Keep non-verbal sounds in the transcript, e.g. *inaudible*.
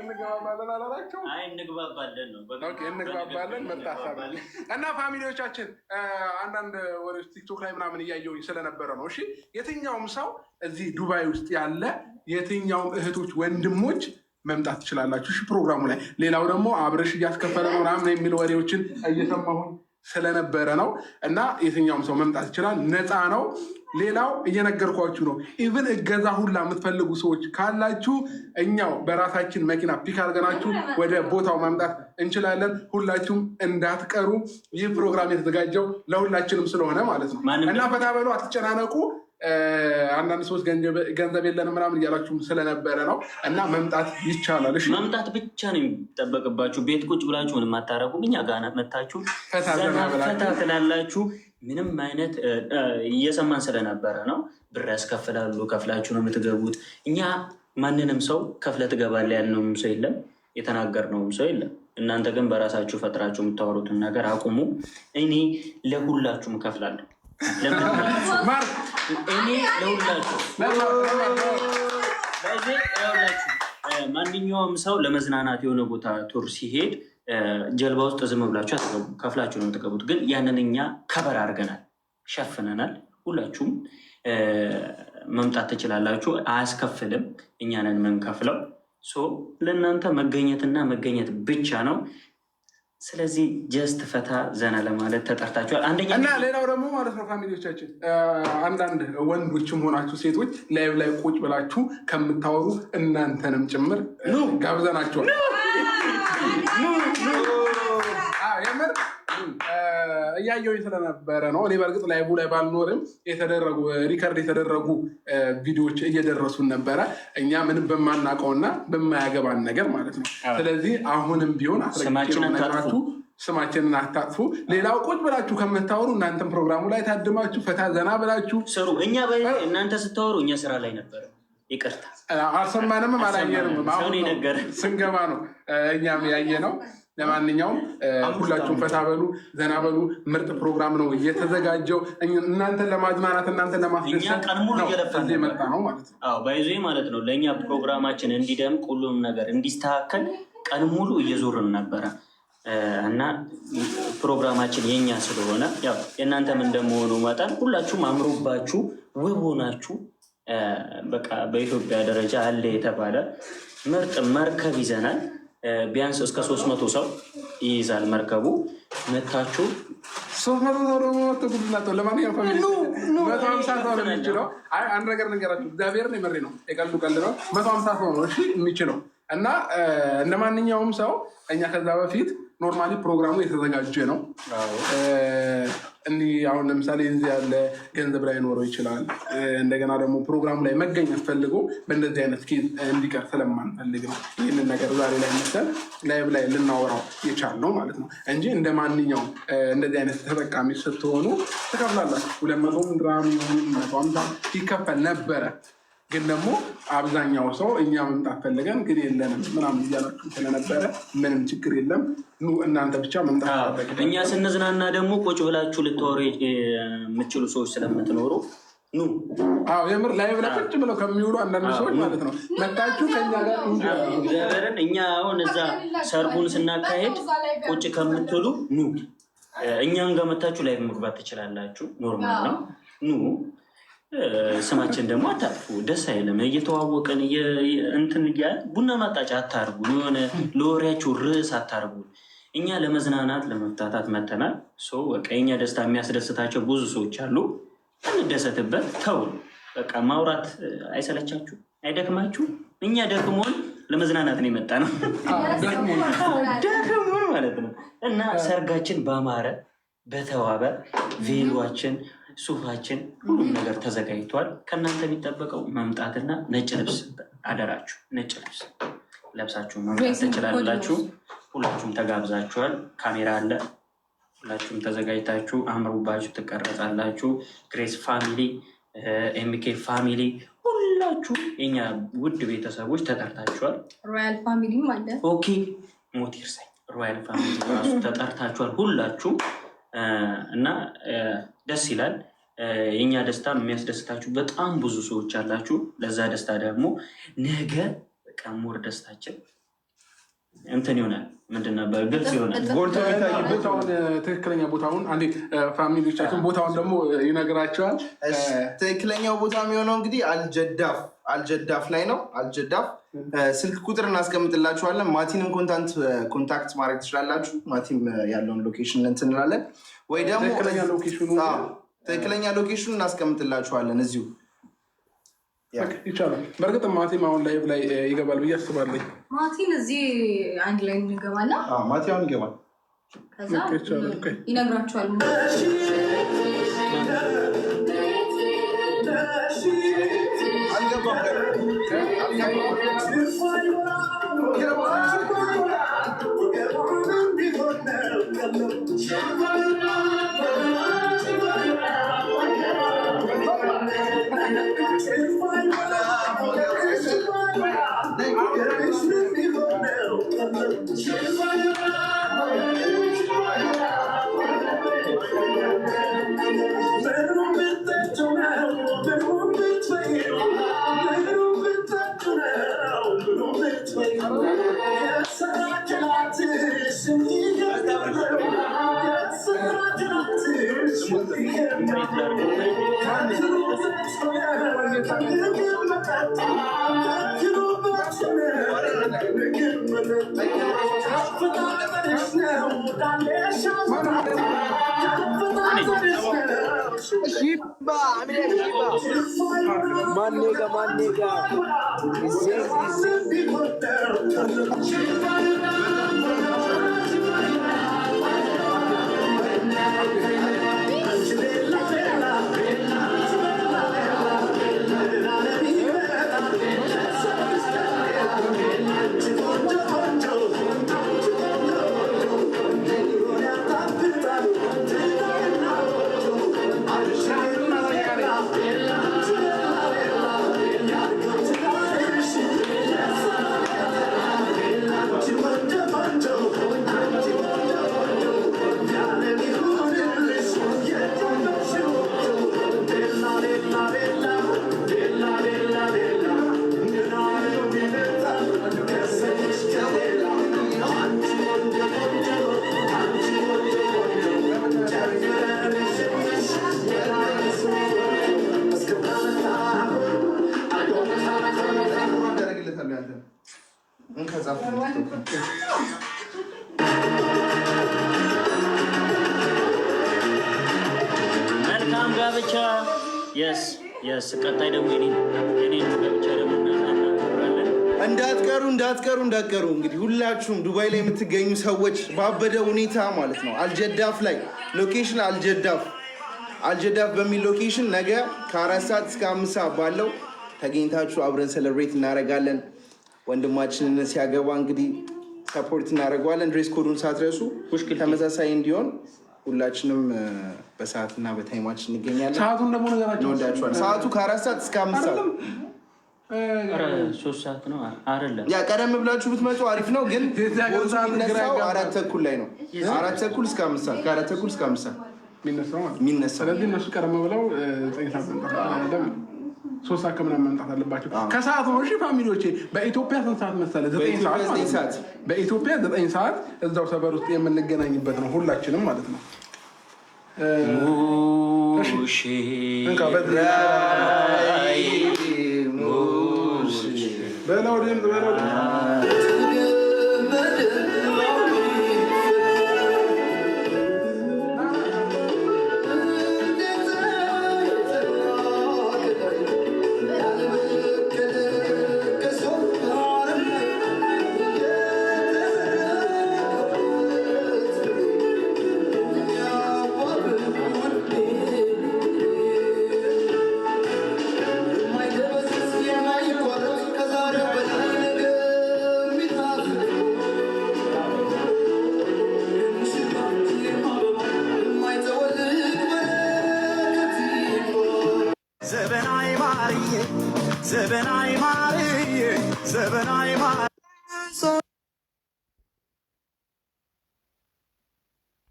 እንግባባለን አላላቸውም? አይ እንግባባለን ነው እንግባባለን። መጣ ሀሳብ እና ፋሚሊዎቻችን፣ አንዳንድ ወደ ቲክቶክ ላይ ምናምን እያየሁኝ ስለነበረ ነው። እሺ የትኛውም ሰው እዚህ ዱባይ ውስጥ ያለ የትኛውም እህቶች ወንድሞች መምጣት ትችላላችሁ። እሺ ፕሮግራሙ ላይ ሌላው ደግሞ አብረሽ እያስከፈለ ነው ምናምን የሚል ወሬዎችን እየሰማሁኝ ስለነበረ ነው እና የትኛውም ሰው መምጣት ይችላል። ነፃ ነው። ሌላው እየነገርኳችሁ ነው። ኢቭን እገዛ ሁላ የምትፈልጉ ሰዎች ካላችሁ እኛው በራሳችን መኪና ፒክ አድርገናችሁ ወደ ቦታው ማምጣት እንችላለን። ሁላችሁም እንዳትቀሩ። ይህ ፕሮግራም የተዘጋጀው ለሁላችንም ስለሆነ ማለት ነው እና ፈታ በሉ፣ አትጨናነቁ። አንዳንድ ሰዎች ገንዘብ የለንም ምናምን እያላችሁ ስለነበረ ነው። እና መምጣት ይቻላል። እሺ መምጣት ብቻ ነው የሚጠበቅባችሁ። ቤት ቁጭ ብላችሁ ምንም አታረጉ። እኛ ጋር መታችሁ ፈታ ትላላችሁ። ምንም አይነት እየሰማን ስለነበረ ነው። ብር ያስከፍላሉ። ከፍላችሁ ነው የምትገቡት። እኛ ማንንም ሰው ከፍለ ትገባለ ያልነውም ሰው የለም፣ የተናገርነውም ሰው የለም። እናንተ ግን በራሳችሁ ፈጥራችሁ የምታወሩትን ነገር አቁሙ። እኔ ለሁላችሁም ከፍላለሁ። *laughs* እኔ ማንኛውም ሰው ለመዝናናት የሆነ ቦታ ቱር ሲሄድ ጀልባ ውስጥ ዝም ብላችሁ አትገቡ፣ ከፍላችሁ ነው የምትገቡት። ግን ያንን እኛ ከበር አድርገናል፣ ሸፍነናል። ሁላችሁም መምጣት ትችላላችሁ፣ አያስከፍልም። እኛንን የምንከፍለው ለእናንተ መገኘትና መገኘት ብቻ ነው። ስለዚህ ጀስት ፈታ ዘና ለማለት ተጠርታችኋል። አንደኛ እና ሌላው ደግሞ ማለት ነው ፋሚሊዎቻችን፣ አንዳንድ ወንዶችም ሆናችሁ ሴቶች ላይ ላይ ቁጭ ብላችሁ ከምታወሩ እናንተንም ጭምር ጋብዘናችኋል። እያየው ስለነበረ ነው። እኔ በእርግጥ ላይቡ ላይ ባልኖርም የተደረጉ ሪከርድ የተደረጉ ቪዲዮዎች እየደረሱን ነበረ፣ እኛ ምንም በማናውቀውና በማያገባን ነገር ማለት ነው። ስለዚህ አሁንም ቢሆን አስረግጡ ስማችንን አታጥፉ። ሌላው ቁጭ ብላችሁ ከምታወሩ እናንተም ፕሮግራሙ ላይ ታድማችሁ ፈታ ዘና ብላችሁ ስሩ። እኛ እናንተ ስታወሩ እኛ ስራ ላይ ነበረ። ይቅርታ አልሰማንም፣ አላየንም። ስንገባ ነው እኛም ያየ ነው። ለማንኛውም ሁላችሁም ፈታ በሉ፣ ዘና በሉ። ምርጥ ፕሮግራም ነው እየተዘጋጀው እናንተን ለማዝናናት እናንተን ለማስደሰት የመጣ ነው ማለት ነው። ባይዞ ማለት ነው ለእኛ ፕሮግራማችን እንዲደምቅ ሁሉም ነገር እንዲስተካከል ቀን ሙሉ እየዞርን ነበረ እና ፕሮግራማችን የኛ ስለሆነ ያው የእናንተም እንደመሆኑ መጠን ሁላችሁም አምሮባችሁ ውብ ሆናችሁ በቃ በኢትዮጵያ ደረጃ አለ የተባለ ምርጥ መርከብ ይዘናል። ቢያንስ እስከ ሶስት መቶ ሰው ይይዛል መርከቡ። መታችሁ ሶስት መቶ ሰው ደግሞ መቶ ለማንኛውም መቶ ሀምሳ ሰው ነው የሚችለው። አንድ ነገር ነገራችሁ፣ እግዚአብሔርን የመሬ ነው የቀሉ ቀል ነው። መቶ ሀምሳ ሰው ነው እሺ የሚችለው እና እንደ ማንኛውም ሰው እኛ ከዛ በፊት ኖርማሊ ፕሮግራሙ የተዘጋጀ ነው። እንዲህ አሁን ለምሳሌ እዚህ ያለ ገንዘብ ላይ ኖረው ይችላል። እንደገና ደግሞ ፕሮግራሙ ላይ መገኘት ፈልጎ በእንደዚህ አይነት እንዲቀር ስለማንፈልግ ነው ይህንን ነገር ዛሬ ላይ መሰል ላይብ ላይ ልናወራው የቻልነው ማለት ነው እንጂ እንደ ማንኛውም እንደዚህ አይነት ተጠቃሚ ስትሆኑ ትከፍላላችሁ። ሁለት መቶም ድራም ይሁን መቶ ይከፈል ነበረ ግን ደግሞ አብዛኛው ሰው እኛ መምጣት ፈልገን ግን የለንም ምናምን እያላችሁ ስለነበረ ምንም ችግር የለም። ኑ እናንተ ብቻ መምጣት እኛ ስንዝናና ደግሞ ቁጭ ብላችሁ ልታወሩ የምችሉ ሰዎች ስለምትኖሩ ኑ። አዎ የምር ላይ ብላ ቁጭ ብለው ከሚውሉ አንዳንድ ሰዎች ማለት ነው መታችሁ ከኛ ጋር እግዚአብሔርን እኛ አሁን እዛ ሰርጉን ስናካሄድ ቁጭ ከምትሉ ኑ እኛን ጋር መታችሁ ላይ መግባት ትችላላችሁ። ኖርማል ነው ኑ ስማችን ደግሞ አታጥፉ። ደስ አይለም። እየተዋወቀን እንትን እያለ ቡና ማጣጫ አታርጉ። የሆነ ለወሬያችሁ ርዕስ አታርጉ። እኛ ለመዝናናት ለመፍታታት መተናል። በቃ የኛ ደስታ የሚያስደስታቸው ብዙ ሰዎች አሉ። እንደሰትበት ተው። በቃ ማውራት አይሰለቻችሁ? አይደክማችሁ? እኛ ደክሞን ለመዝናናት ነው የመጣ ነው፣ ደክሞን ማለት ነው። እና ሰርጋችን ባማረ በተዋበ ቬሏችን ሱፋችን፣ ሁሉም ነገር ተዘጋጅቷል። ከእናንተ የሚጠበቀው መምጣትና ነጭ ልብስ አደራችሁ፣ ነጭ ልብስ ለብሳችሁ መምጣት ትችላላችሁ። ሁላችሁም ተጋብዛችኋል። ካሜራ አለ። ሁላችሁም ተዘጋጅታችሁ አምሮባችሁ ትቀረጻላችሁ። ግሬስ ፋሚሊ፣ ኤምኬ ፋሚሊ ሁላችሁ የኛ ውድ ቤተሰቦች ተጠርታችኋል። ሮያል ፋሚሊም አለ። ኦኬ ሞት ይርሳኝ። ሮያል ፋሚሊ ራሱ ተጠርታችኋል ሁላችሁ እና ደስ ይላል። የእኛ ደስታ የሚያስደስታችሁ በጣም ብዙ ሰዎች አላችሁ። ለዛ ደስታ ደግሞ ነገ ቀሞር ደስታችን እንትን ይሆናል። ምንድን ነበር ግልጽ ጎልቶ ትክክለኛ ቦታውን አንዴ ፋሚሊዎቻችን ቦታውን ደግሞ ይነግራቸዋል። ትክክለኛው ቦታ የሚሆነው እንግዲህ አልጀዳፍ አልጀዳፍ ላይ ነው። አልጀዳፍ ስልክ ቁጥር እናስቀምጥላችኋለን። ማቲንም ኮንታንት ኮንታክት ማድረግ ትችላላችሁ። ማቲም ያለውን ሎኬሽን እንትን እንላለን ወይ ደግሞ ትክክለኛ ሎኬሽኑ እናስቀምጥላችኋለን እዚሁ ይቻላል። በእርግጥ ማቲም አሁን ላይቭ ላይ ይገባል ብዬ አስባለኝ። ማቲን እዚህ አንድ ላይ እንገባና ማቲ አሁን ይገባል ይነግራችኋል። Yeah. Shiba, I mean Shiba. Man nigga, man nigga. He's saying, he's saying. ከዛፍ መልካም ጋብቻ የስ የስ ቀጣይ ደግሞ የኔን ጋብቻ ደግሞ እንዳትቀሩ እንዳትቀሩ እንዳትቀሩ። እንግዲህ ሁላችሁም ዱባይ ላይ የምትገኙ ሰዎች ባበደ ሁኔታ ማለት ነው አልጀዳፍ ላይ ሎኬሽን አልጀዳፍ አልጀዳፍ በሚል ሎኬሽን ነገ ከአራት ሰዓት እስከ አምስት ሰዓት ባለው ተገኝታችሁ አብረን ሴሌብሬት እናደርጋለን። ወንድማችንን ሲያገባ እንግዲህ ሰፖርት እናደርገዋለን። ድሬስ ኮዱን ሳትረሱ ተመሳሳይ እንዲሆን ሁላችንም በሰዓትና በታይማችን እንገኛለን። ሰዓቱን ደግሞ ነገራቸውወዳቸዋል። ሰዓቱ ከአራት ሰዓት እስከ አምስት ሰዓት ያ ቀደም ብላችሁ ብትመጡ አሪፍ ነው፣ ግን *laughs* አራት ተኩል ላይ ነው። አራት ተኩል እስከ አምስት ሰዓት ከአራት ተኩል እስከ አምስት ሰዓት የሚነሳው። ስለዚህ እነሱ ቀደም ብለው ሶስት ሰዓት ከምናምን መምጣት አለባቸው። ከሰዓት ነው እሺ ፋሚሊዎቼ። በኢትዮጵያ ስንት ሰዓት መሰለህ? ዘጠኝ ሰዓት በኢትዮጵያ ዘጠኝ ሰዓት እዛው ሰፈር ውስጥ የምንገናኝበት ነው ሁላችንም ማለት ነው። በለው ድምፅ በለው ድምፅ ዘበናይ ማርዬ ዘበናይ